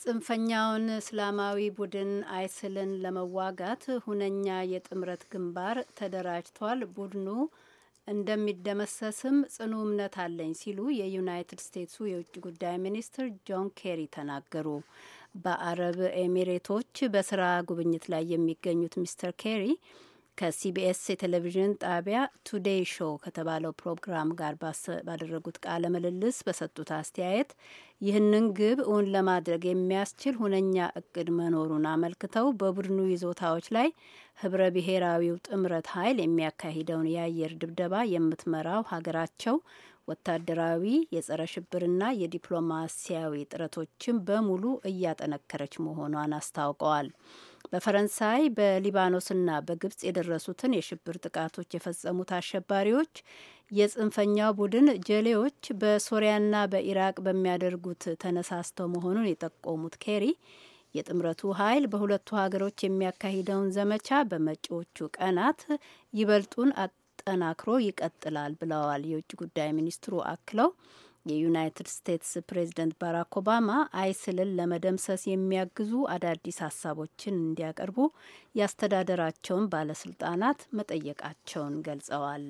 ጽንፈኛውን እስላማዊ ቡድን አይስልን ለመዋጋት ሁነኛ የጥምረት ግንባር ተደራጅቷል። ቡድኑ እንደሚደመሰስም ጽኑ እምነት አለኝ ሲሉ የዩናይትድ ስቴትሱ የውጭ ጉዳይ ሚኒስትር ጆን ኬሪ ተናገሩ። በአረብ ኤሚሬቶች በስራ ጉብኝት ላይ የሚገኙት ሚስተር ኬሪ ከሲቢኤስ የቴሌቪዥን ጣቢያ ቱዴይ ሾው ከተባለው ፕሮግራም ጋር ባደረጉት ቃለ ምልልስ በሰጡት አስተያየት ይህንን ግብ እውን ለማድረግ የሚያስችል ሁነኛ እቅድ መኖሩን አመልክተው በቡድኑ ይዞታዎች ላይ ህብረ ብሔራዊው ጥምረት ኃይል የሚያካሂደውን የአየር ድብደባ የምትመራው ሀገራቸው ወታደራዊ የጸረ ሽብርና የዲፕሎማሲያዊ ጥረቶችን በሙሉ እያጠነከረች መሆኗን አስታውቀዋል። በፈረንሳይ በሊባኖስና በግብጽ የደረሱትን የሽብር ጥቃቶች የፈጸሙት አሸባሪዎች የጽንፈኛው ቡድን ጀሌዎች በሶሪያና በኢራቅ በሚያደርጉት ተነሳስተው መሆኑን የጠቆሙት ኬሪ የጥምረቱ ኃይል በሁለቱ ሀገሮች የሚያካሂደውን ዘመቻ በመጪዎቹ ቀናት ይበልጡን ተጠናክሮ ይቀጥላል ብለዋል። የውጭ ጉዳይ ሚኒስትሩ አክለው የዩናይትድ ስቴትስ ፕሬዚደንት ባራክ ኦባማ አይስልን ለመደምሰስ የሚያግዙ አዳዲስ ሀሳቦችን እንዲያቀርቡ ያስተዳደራቸውን ባለስልጣናት መጠየቃቸውን ገልጸዋል።